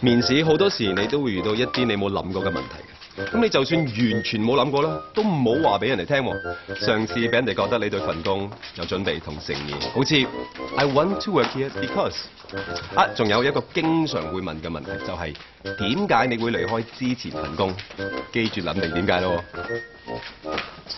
面試好多時你都會遇到一啲你冇諗過嘅問題嘅，咁你就算完全冇諗過啦，都唔好話俾人哋聽。上次俾人哋覺得你對份工有準備同誠意，好似 I want to work here because 啊，仲有一個經常會問嘅問題就係點解你會離開之前份工？記住諗定點解咯。